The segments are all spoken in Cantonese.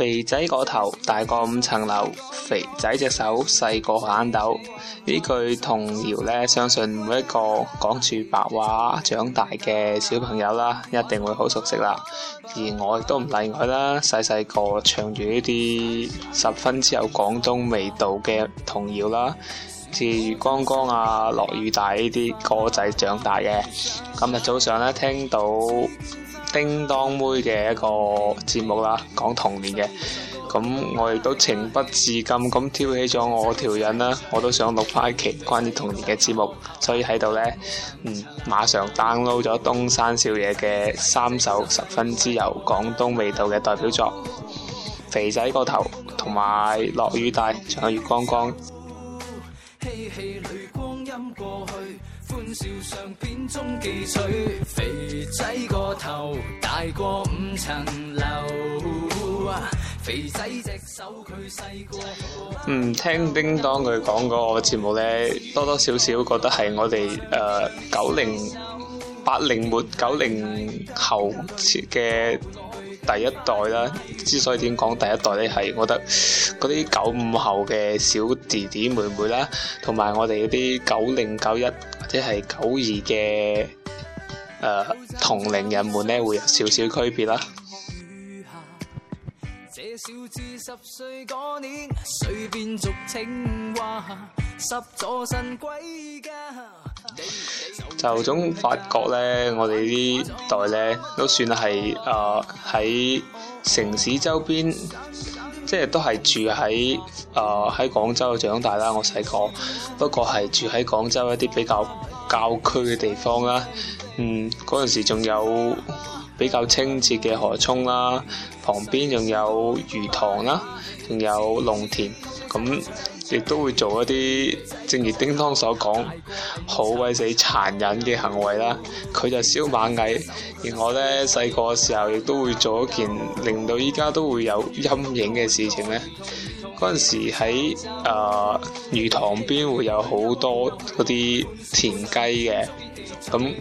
肥仔個頭大過五層樓，肥仔隻手細過眼豆。呢句童謠咧，相信每一個講住白話長大嘅小朋友啦，一定會好熟悉啦。而我亦都唔例外啦，細細個唱住呢啲十分之有廣東味道嘅童謠啦，至於《光光》啊、《落雨大》呢啲歌仔長大嘅。今日早上咧，聽到。叮當妹嘅一個節目啦，講童年嘅，咁我亦都情不自禁咁挑起咗我條癮啦，我都想錄翻一期關於童年嘅節目，所以喺度呢，嗯，馬上 download 咗東山少爺嘅三首十分之有廣東味道嘅代表作，《肥仔個頭》同埋《落雨大》，仲有《月光光》。嬉戲裏光陰過去，歡笑相片中記取。肥仔個頭大過五層樓，肥仔隻手佢細過我。嗯，聽叮當佢講嗰個節目咧，多多少少覺得係我哋誒九零八零末九零後嘅。第一代啦，之所以點講第一代咧，係我覺得嗰啲九五後嘅小弟弟妹妹啦，同埋我哋嗰啲九零、九一或者係九二嘅誒同齡人們咧，會有少少區別啦。就總發覺咧，我哋呢代咧都算係啊喺城市周邊，即係都係住喺啊喺廣州長大啦。我細個，不過係住喺廣州一啲比較郊區嘅地方啦。嗯，嗰陣時仲有比較清澈嘅河涌啦，旁邊仲有魚塘啦，仲有農田咁。亦都會做一啲，正如叮當所講，好鬼死殘忍嘅行為啦。佢就燒螞蟻，而我咧細個嘅時候亦都會做一件令到依家都會有陰影嘅事情咧。嗰陣時喺啊、呃、魚塘邊會有好多嗰啲田雞嘅，咁。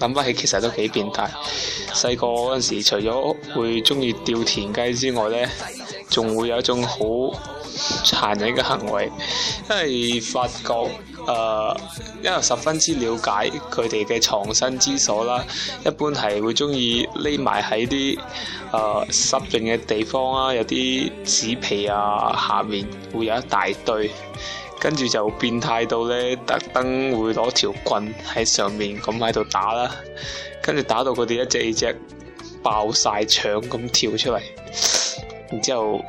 諗返起，其實都幾變態。細個嗰陣時，除咗會中意釣田雞之外呢，仲會有一種好殘忍嘅行為，因為發覺誒，因為十分之了解佢哋嘅藏身之所啦。一般係會中意匿埋喺啲誒濕潤嘅地方啊，有啲紙皮啊下面會有一大堆。跟住就變態到咧，特登會攞條棍喺上面咁喺度打啦，跟住打到佢哋一隻二隻爆晒腸咁跳出嚟，然之後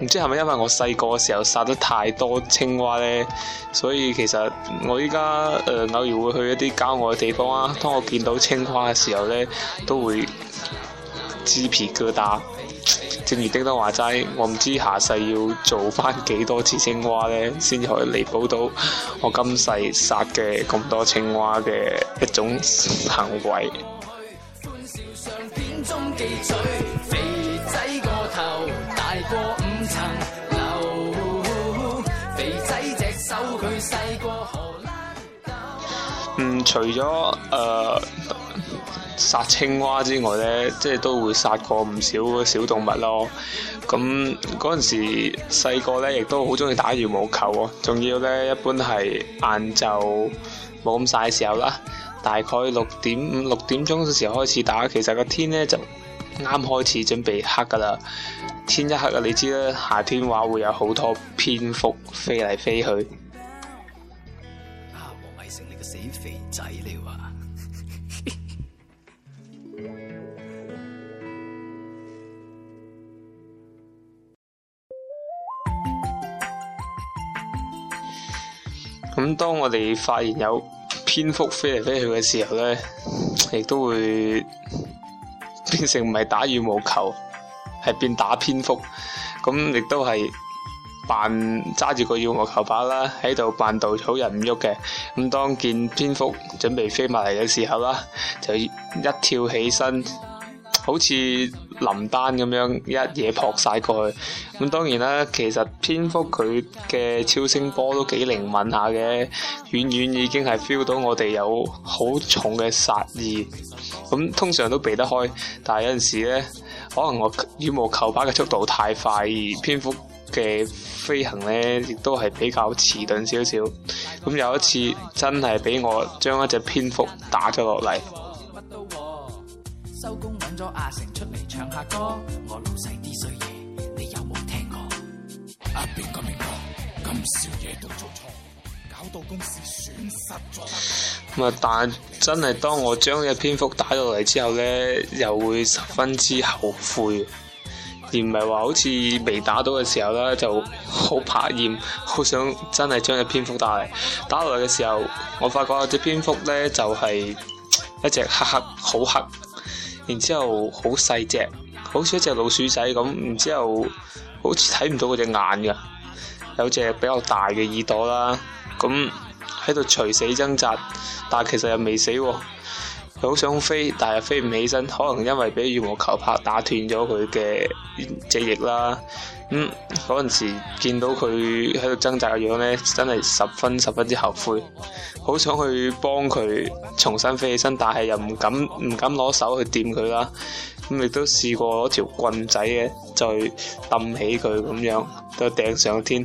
唔知係咪因為我細個嘅時候殺得太多青蛙咧，所以其實我依家誒偶然會去一啲郊外嘅地方啊，當我見到青蛙嘅時候咧，都會支皮疙瘩。正如丁德華話齋，我唔知下世要做翻幾多次青蛙咧，先至可以彌補到我今世殺嘅咁多青蛙嘅一種行為。嗯，除咗誒。呃殺青蛙之外咧，即係都會殺過唔少小動物咯。咁嗰陣時細個咧，亦都好中意打羽毛球喎，啊。仲要咧，一般係晏晝冇咁曬嘅時候啦。大概六點五六點鐘嗰時候開始打，其實個天咧就啱開始準備黑噶啦。天一黑啊，你知啦，夏天話會有好多蝙蝠飛嚟飛去。啊，黃藝成你個死肥仔你話？咁當我哋發現有蝙蝠飛嚟飛去嘅時候咧，亦都會變成唔係打羽毛球，係變打蝙蝠，咁亦都係。扮揸住個羽毛球拍啦，喺度，扮稻草人唔喐嘅。咁、嗯、當見蝙蝠準備飛埋嚟嘅時候啦，就一跳起身，好似林丹咁樣一嘢撲晒過去。咁、嗯、當然啦，其實蝙蝠佢嘅超聲波都幾靈敏下嘅，遠遠已經係 feel 到我哋有好重嘅殺意。咁、嗯、通常都避得開，但係有陣時咧，可能我羽毛球拍嘅速度太快，而蝙蝠。嘅飛行咧，亦都係比較遲鈍少少。咁有一次真係俾我將一隻蝙蝠打咗落嚟。收工咗阿成出嚟唱下歌。我老細啲衰嘢，你有冇聽過？阿邊個明咁少嘢都出錯，搞到公司損失咗。咪但真係當我將隻蝙蝠打落嚟之後咧，又會十分之後悔。而唔係話好似未打到嘅時候啦，就好怕厭，好想真係將隻蝙蝠打嚟。打落嚟嘅時候，我發覺隻蝙蝠咧就係、是、一隻黑黑，好黑。然之後好細隻，好似一隻老鼠仔咁。然之後好似睇唔到佢隻眼嘅，有隻比較大嘅耳朵啦。咁喺度垂死掙扎，但係其實又未死喎、啊。好想飛，但係飛唔起身，可能因為俾羽毛球拍打斷咗佢嘅隻翼啦。咁嗰陣時見到佢喺度掙扎嘅樣咧，真係十分十分之後悔，好想去幫佢重新飛起身，但係又唔敢唔敢攞手去掂佢啦。咁、嗯、亦都試過攞條棍仔嘅，再掟起佢咁樣，都掟上天。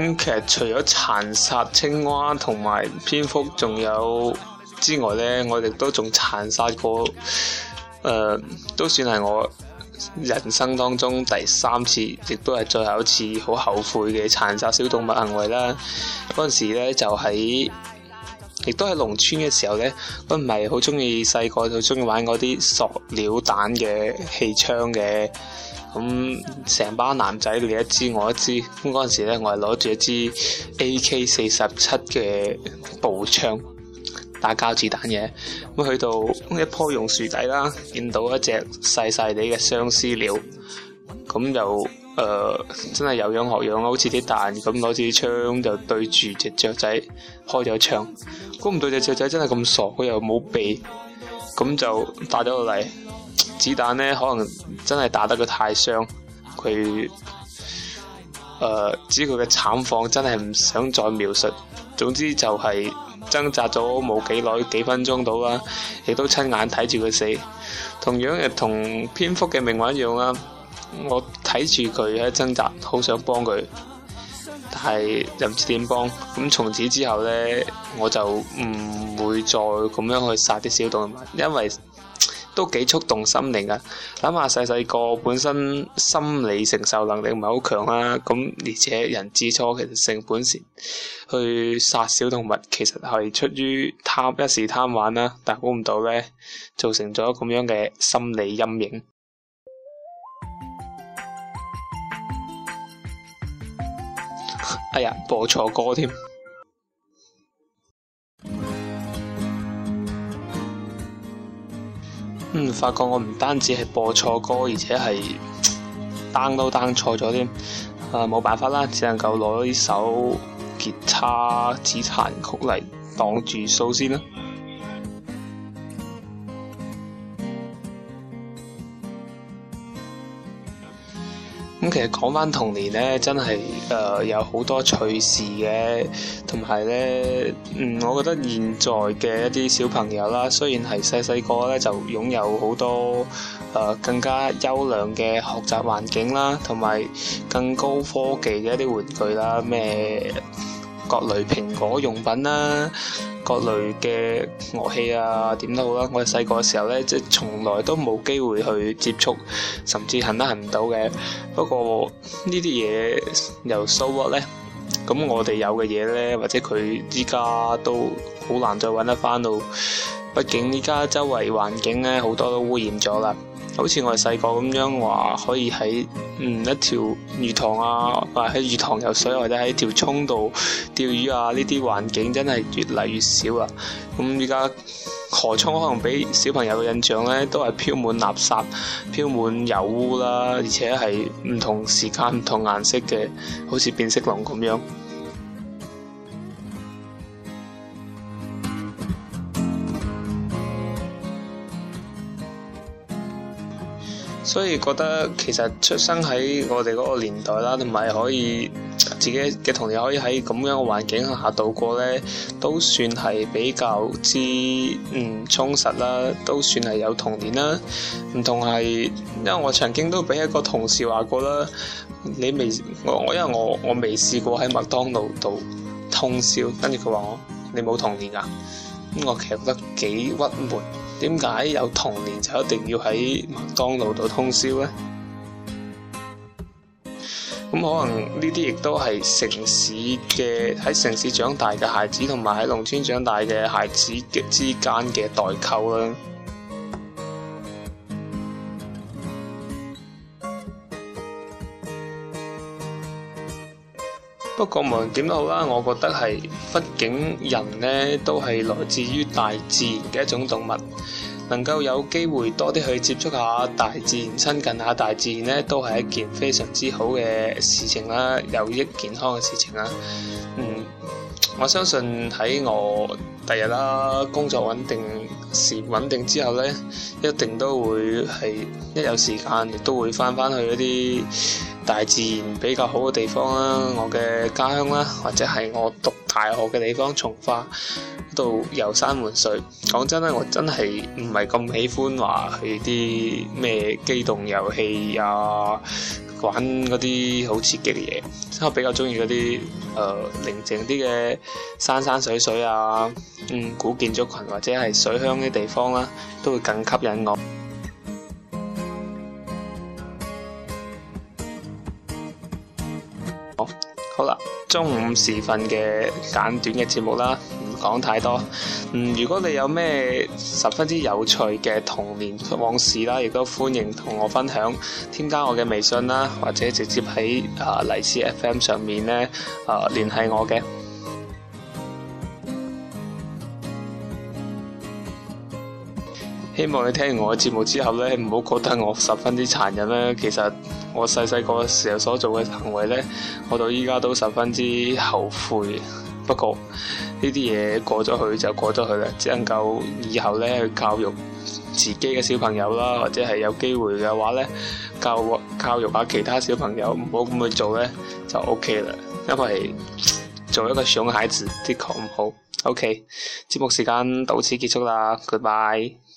咁、嗯、其實除咗殘殺青蛙同埋蝙蝠，仲有之外咧，我哋都仲殘殺過，誒、呃，都算係我人生當中第三次，亦都係最後一次好後悔嘅殘殺小動物行為啦。嗰陣時咧，就喺，亦都喺農村嘅時候咧，我唔係好中意細個就中意玩嗰啲塑料彈嘅氣槍嘅。咁成班男仔你一支我一支，咁嗰陣時咧，我係攞住一支 AK 四十七嘅步槍打膠子彈嘢，咁去到一棵榕樹底啦，見到一隻細細地嘅相思鳥，咁又誒、呃、真係有樣學樣啦，好似啲彈咁攞住槍就對住隻雀仔開咗槍，估唔到隻雀仔真係咁傻，佢又冇鼻，咁就打咗落嚟。子彈呢，可能真係打得佢太傷，佢誒，至於佢嘅慘況真係唔想再描述。總之就係掙扎咗冇幾耐，幾分鐘到啦，亦都親眼睇住佢死。同樣，亦同蝙蝠嘅命運一樣啦。我睇住佢喺掙扎，好想幫佢，但係又唔知點幫。咁從此之後呢，我就唔會再咁樣去殺啲小動物，因為。都幾觸動心靈啊！諗下細細個本身心理承受能力唔係好強啦，咁而且人之初，其實性本善，去殺小動物，其實係出於貪一時貪玩啦，但估唔到咧，造成咗咁樣嘅心理陰影。哎呀，播錯歌添！嗯，發覺我唔單止係播錯歌，而且係彈都彈錯咗添。啊、呃，冇辦法啦，只能夠攞呢首《吉他指彈曲》嚟擋住數先啦。其實講返童年咧，真係誒、呃、有好多趣事嘅，同埋咧，嗯，我覺得現在嘅一啲小朋友啦，雖然係細細個咧就擁有好多誒、呃、更加優良嘅學習環境啦，同埋更高科技嘅一啲玩具啦，咩，各類蘋果用品啦，啊，各類嘅樂器啊，點都好啦。我哋細個嘅時候咧，即係從來都冇機會去接觸，甚至行得行唔到嘅。不過呢啲嘢又收穫咧，咁我哋有嘅嘢咧，或者佢依家都好難再搵得翻到，畢竟依家周圍環境咧好多都污染咗啦。好似我哋細個咁樣話，可以喺嗯一條魚塘啊，或者喺魚塘游水，或者喺條涌度釣魚啊，呢啲環境真係越嚟越少啦。咁而家河涌可能俾小朋友嘅印象咧，都係飄滿垃圾、飄滿油污啦，而且係唔同時間、唔同顏色嘅，好似變色龍咁樣。所以覺得其實出生喺我哋嗰個年代啦，同埋可以自己嘅童年可以喺咁樣嘅環境下度過呢，都算係比較之嗯充實啦，都算係有童年啦。唔同係，因為我曾經都俾一個同事話過啦，你未我我因為我我未試過喺麥當勞度通宵，跟住佢話我，你冇童年㗎、啊，咁我其實覺得幾鬱悶。點解有童年就一定要喺麥當勞度通宵呢？咁可能呢啲亦都係城市嘅喺城市長大嘅孩子，同埋喺農村長大嘅孩子之間嘅代溝啦、啊。不過無論點都好啦，我覺得係，畢竟人呢都係來自於大自然嘅一種動物，能夠有機會多啲去接觸下大自然，親近下大自然呢都係一件非常之好嘅事情啦，有益健康嘅事情啦。嗯，我相信喺我第日啦，工作穩定時穩定之後呢，一定都會係一有時間亦都會翻翻去一啲。大自然比較好嘅地方啦，我嘅家鄉啦，或者係我讀大學嘅地方從化嗰度遊山玩水。講真咧，我真係唔係咁喜歡話去啲咩機動遊戲啊，玩嗰啲好刺激嘅嘢。我比較中意嗰啲誒寧靜啲嘅山山水水啊，嗯古建築群，或者係水鄉啲地方啦，啊，都會更吸引我。中午時分嘅簡短嘅節目啦，唔講太多。嗯，如果你有咩十分之有趣嘅童年往事啦，亦都歡迎同我分享。添加我嘅微信啦，或者直接喺啊荔枝 FM 上面咧啊聯繫我嘅。希望你聽完我嘅節目之後咧，唔好覺得我十分之殘忍啦。其實～我細細個時候所做嘅行為呢，我到依家都十分之後悔。不過呢啲嘢過咗去就過咗去啦，只能夠以後呢去教育自己嘅小朋友啦，或者係有機會嘅話呢，教教育下其他小朋友唔好咁去做呢，就 O K 啦。因為做一個小孩子的確唔好。O K，節目時間到此結束啦，Goodbye。拜拜。